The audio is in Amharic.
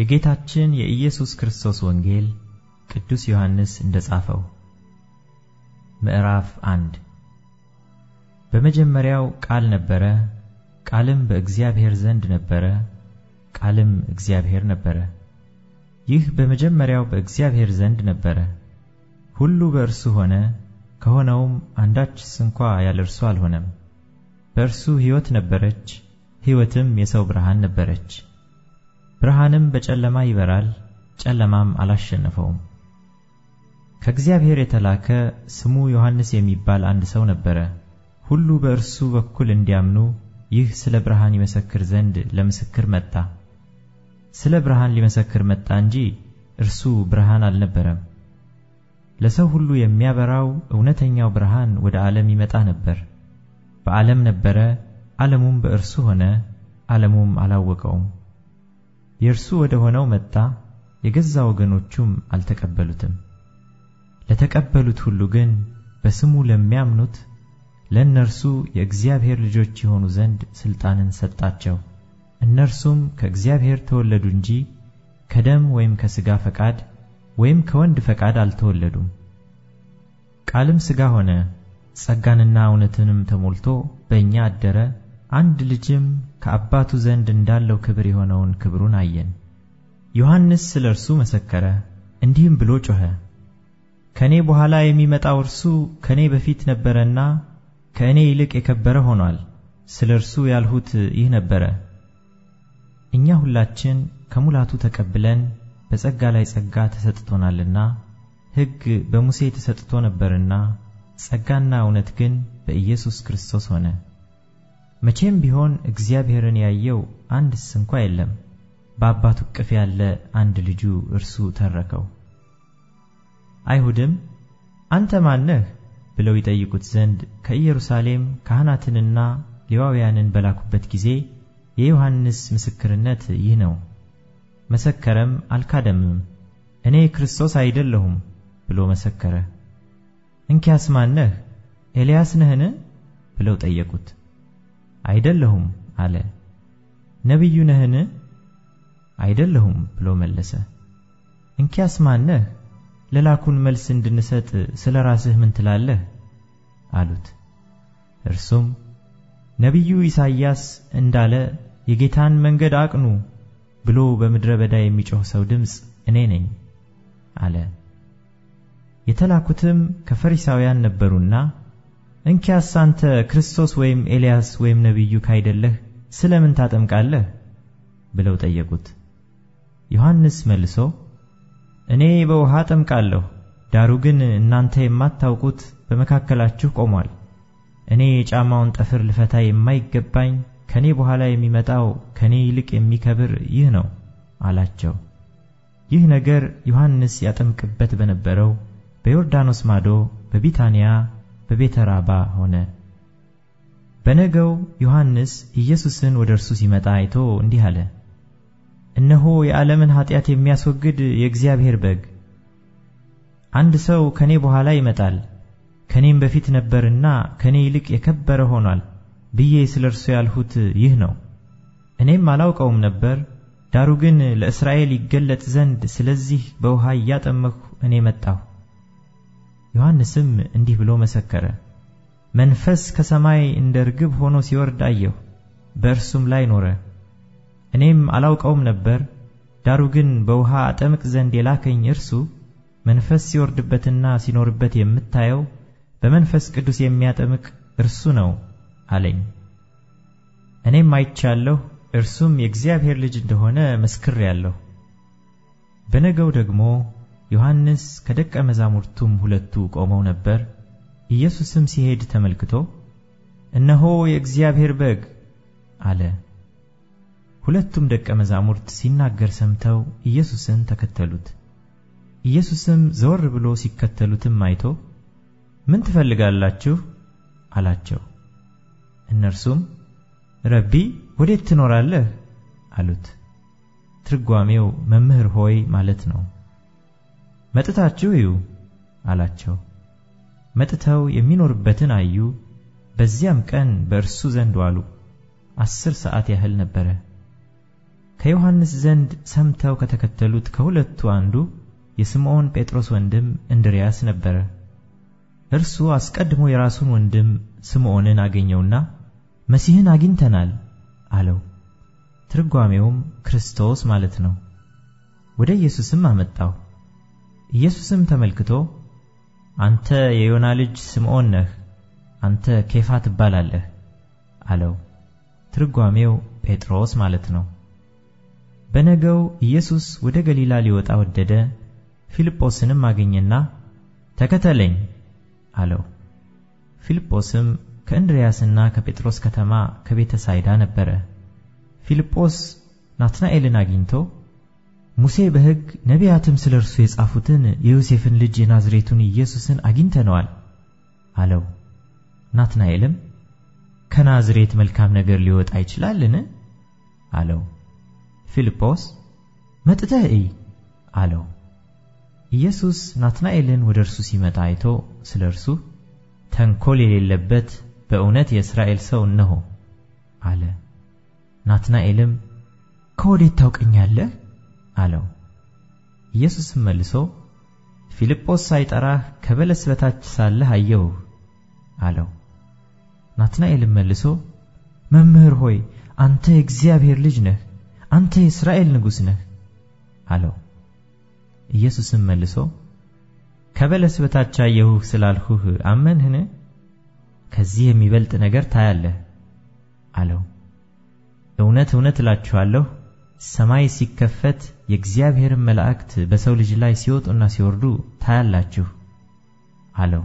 የጌታችን የኢየሱስ ክርስቶስ ወንጌል ቅዱስ ዮሐንስ እንደ ጻፈው ምዕራፍ አንድ በመጀመሪያው ቃል ነበረ፣ ቃልም በእግዚአብሔር ዘንድ ነበረ፣ ቃልም እግዚአብሔር ነበረ። ይህ በመጀመሪያው በእግዚአብሔር ዘንድ ነበረ። ሁሉ በእርሱ ሆነ፣ ከሆነውም አንዳች ስንኳ ያለ እርሱ አልሆነም። በእርሱ ሕይወት ነበረች፣ ሕይወትም የሰው ብርሃን ነበረች። ብርሃንም በጨለማ ይበራል፣ ጨለማም አላሸነፈውም። ከእግዚአብሔር የተላከ ስሙ ዮሐንስ የሚባል አንድ ሰው ነበረ። ሁሉ በእርሱ በኩል እንዲያምኑ ይህ ስለ ብርሃን ይመሰክር ዘንድ ለምስክር መጣ። ስለ ብርሃን ሊመሰክር መጣ እንጂ እርሱ ብርሃን አልነበረም። ለሰው ሁሉ የሚያበራው እውነተኛው ብርሃን ወደ ዓለም ይመጣ ነበር። በዓለም ነበረ፣ ዓለሙም በእርሱ ሆነ፣ ዓለሙም አላወቀውም። የእርሱ ወደ ሆነው መጣ፣ የገዛ ወገኖቹም አልተቀበሉትም። ለተቀበሉት ሁሉ ግን በስሙ ለሚያምኑት ለእነርሱ የእግዚአብሔር ልጆች የሆኑ ዘንድ ሥልጣንን ሰጣቸው። እነርሱም ከእግዚአብሔር ተወለዱ እንጂ ከደም ወይም ከሥጋ ፈቃድ ወይም ከወንድ ፈቃድ አልተወለዱም። ቃልም ሥጋ ሆነ፣ ጸጋንና እውነትንም ተሞልቶ በእኛ አደረ አንድ ልጅም ከአባቱ ዘንድ እንዳለው ክብር የሆነውን ክብሩን አየን። ዮሐንስ ስለ እርሱ መሰከረ፣ እንዲህም ብሎ ጮኸ፣ ከእኔ በኋላ የሚመጣው እርሱ ከእኔ በፊት ነበረና ከእኔ ይልቅ የከበረ ሆኗል፤ ስለ እርሱ ያልሁት ይህ ነበረ። እኛ ሁላችን ከሙላቱ ተቀብለን በጸጋ ላይ ጸጋ ተሰጥቶናልና፣ ሕግ በሙሴ ተሰጥቶ ነበርና፣ ጸጋና እውነት ግን በኢየሱስ ክርስቶስ ሆነ። መቼም ቢሆን እግዚአብሔርን ያየው አንድስ እንኳ የለም። በአባቱ እቅፍ ያለ አንድ ልጁ እርሱ ተረከው። አይሁድም አንተ ማነህ ብለው ይጠይቁት ዘንድ ከኢየሩሳሌም ካህናትንና ሌዋውያንን በላኩበት ጊዜ የዮሐንስ ምስክርነት ይህ ነው። መሰከረም አልካደምም፣ እኔ ክርስቶስ አይደለሁም ብሎ መሰከረ። እንኪያስ ማነህ? ኤልያስ ነህን? ብለው ጠየቁት። አይደለሁም አለ። ነቢዩ ነህን? አይደለሁም ብሎ መለሰ። እንኪያስ ማነህ? ለላኩን መልስ እንድንሰጥ ስለ ራስህ ምን ትላለህ? አሉት። እርሱም ነቢዩ ኢሳይያስ እንዳለ የጌታን መንገድ አቅኑ ብሎ በምድረ በዳ የሚጮህ ሰው ድምፅ እኔ ነኝ አለ። የተላኩትም ከፈሪሳውያን ነበሩና እንኪያስ አንተ ክርስቶስ ወይም ኤልያስ ወይም ነቢዩ ካይደለህ ስለ ምን ታጠምቃለህ? ብለው ጠየቁት። ዮሐንስ መልሶ እኔ በውሃ አጠምቃለሁ፣ ዳሩ ግን እናንተ የማታውቁት በመካከላችሁ ቆሟል። እኔ የጫማውን ጠፍር ልፈታ የማይገባኝ ከኔ በኋላ የሚመጣው ከኔ ይልቅ የሚከብር ይህ ነው አላቸው። ይህ ነገር ዮሐንስ ያጠምቅበት በነበረው በዮርዳኖስ ማዶ በቢታንያ በቤተ ራባ ሆነ። በነገው ዮሐንስ ኢየሱስን ወደ እርሱ ሲመጣ አይቶ እንዲህ አለ፣ እነሆ የዓለምን ኃጢአት የሚያስወግድ የእግዚአብሔር በግ። አንድ ሰው ከኔ በኋላ ይመጣል፣ ከኔም በፊት ነበርና ከኔ ይልቅ የከበረ ሆኗል ብዬ ስለ እርሱ ያልሁት ይህ ነው። እኔም አላውቀውም ነበር፣ ዳሩ ግን ለእስራኤል ይገለጥ ዘንድ ስለዚህ በውሃ እያጠመቅሁ እኔ መጣሁ። ዮሐንስም እንዲህ ብሎ መሰከረ፣ መንፈስ ከሰማይ እንደ ርግብ ሆኖ ሲወርድ አየሁ፣ በእርሱም ላይ ኖረ። እኔም አላውቀውም ነበር፤ ዳሩ ግን በውሃ አጠምቅ ዘንድ የላከኝ እርሱ መንፈስ ሲወርድበትና ሲኖርበት የምታየው በመንፈስ ቅዱስ የሚያጠምቅ እርሱ ነው አለኝ። እኔም አይቻለሁ፣ እርሱም የእግዚአብሔር ልጅ እንደሆነ መስክሬአለሁ። በነገው ደግሞ ዮሐንስ ከደቀ መዛሙርቱም ሁለቱ ቆመው ነበር። ኢየሱስም ሲሄድ ተመልክቶ እነሆ የእግዚአብሔር በግ አለ። ሁለቱም ደቀ መዛሙርት ሲናገር ሰምተው ኢየሱስን ተከተሉት። ኢየሱስም ዘወር ብሎ ሲከተሉትም አይቶ ምን ትፈልጋላችሁ? አላቸው። እነርሱም ረቢ ወዴት ትኖራለህ? አሉት። ትርጓሜው መምህር ሆይ ማለት ነው። መጥታችሁ እዩ አላቸው። መጥተው የሚኖርበትን አዩ። በዚያም ቀን በእርሱ ዘንድ ዋሉ። አስር ሰዓት ያህል ነበረ። ከዮሐንስ ዘንድ ሰምተው ከተከተሉት ከሁለቱ አንዱ የስምዖን ጴጥሮስ ወንድም እንድርያስ ነበረ። እርሱ አስቀድሞ የራሱን ወንድም ስምዖንን አገኘውና መሲህን አግኝተናል አለው። ትርጓሜውም ክርስቶስ ማለት ነው። ወደ ኢየሱስም አመጣው። ኢየሱስም ተመልክቶ አንተ የዮና ልጅ ስምዖን ነህ፣ አንተ ኬፋ ትባላለህ አለው። ትርጓሜው ጴጥሮስ ማለት ነው። በነገው ኢየሱስ ወደ ገሊላ ሊወጣ ወደደ። ፊልጶስንም አገኘና ተከተለኝ አለው። ፊልጶስም ከእንድርያስና ከጴጥሮስ ከተማ ከቤተ ሳይዳ ነበረ። ፊልጶስ ናትናኤልን አግኝቶ ሙሴ በሕግ ነቢያትም ስለ እርሱ የጻፉትን የዮሴፍን ልጅ የናዝሬቱን ኢየሱስን አግኝተነዋል አለው። ናትናኤልም ከናዝሬት መልካም ነገር ሊወጣ ይችላልን? አለው። ፊልጶስ መጥተህ እይ አለው። ኢየሱስ ናትናኤልን ወደ እርሱ ሲመጣ አይቶ ስለ እርሱ ተንኰል የሌለበት በእውነት የእስራኤል ሰው እነሆ አለ። ናትናኤልም ከወዴት ታውቀኛለህ አለው። ኢየሱስም መልሶ ፊልጶስ ሳይጠራህ ከበለስ በታች ሳለህ አየሁህ አለው። ናትናኤልም መልሶ መምህር ሆይ አንተ የእግዚአብሔር ልጅ ነህ፣ አንተ የእስራኤል ንጉሥ ነህ አለው። ኢየሱስም መልሶ ከበለስ በታች አየሁህ ስላልሁህ አመንህን? ከዚህ የሚበልጥ ነገር ታያለህ አለው። እውነት እውነት እላችኋለሁ ሰማይ ሲከፈት የእግዚአብሔርን መላእክት በሰው ልጅ ላይ ሲወጡና ሲወርዱ ታያላችሁ አለው።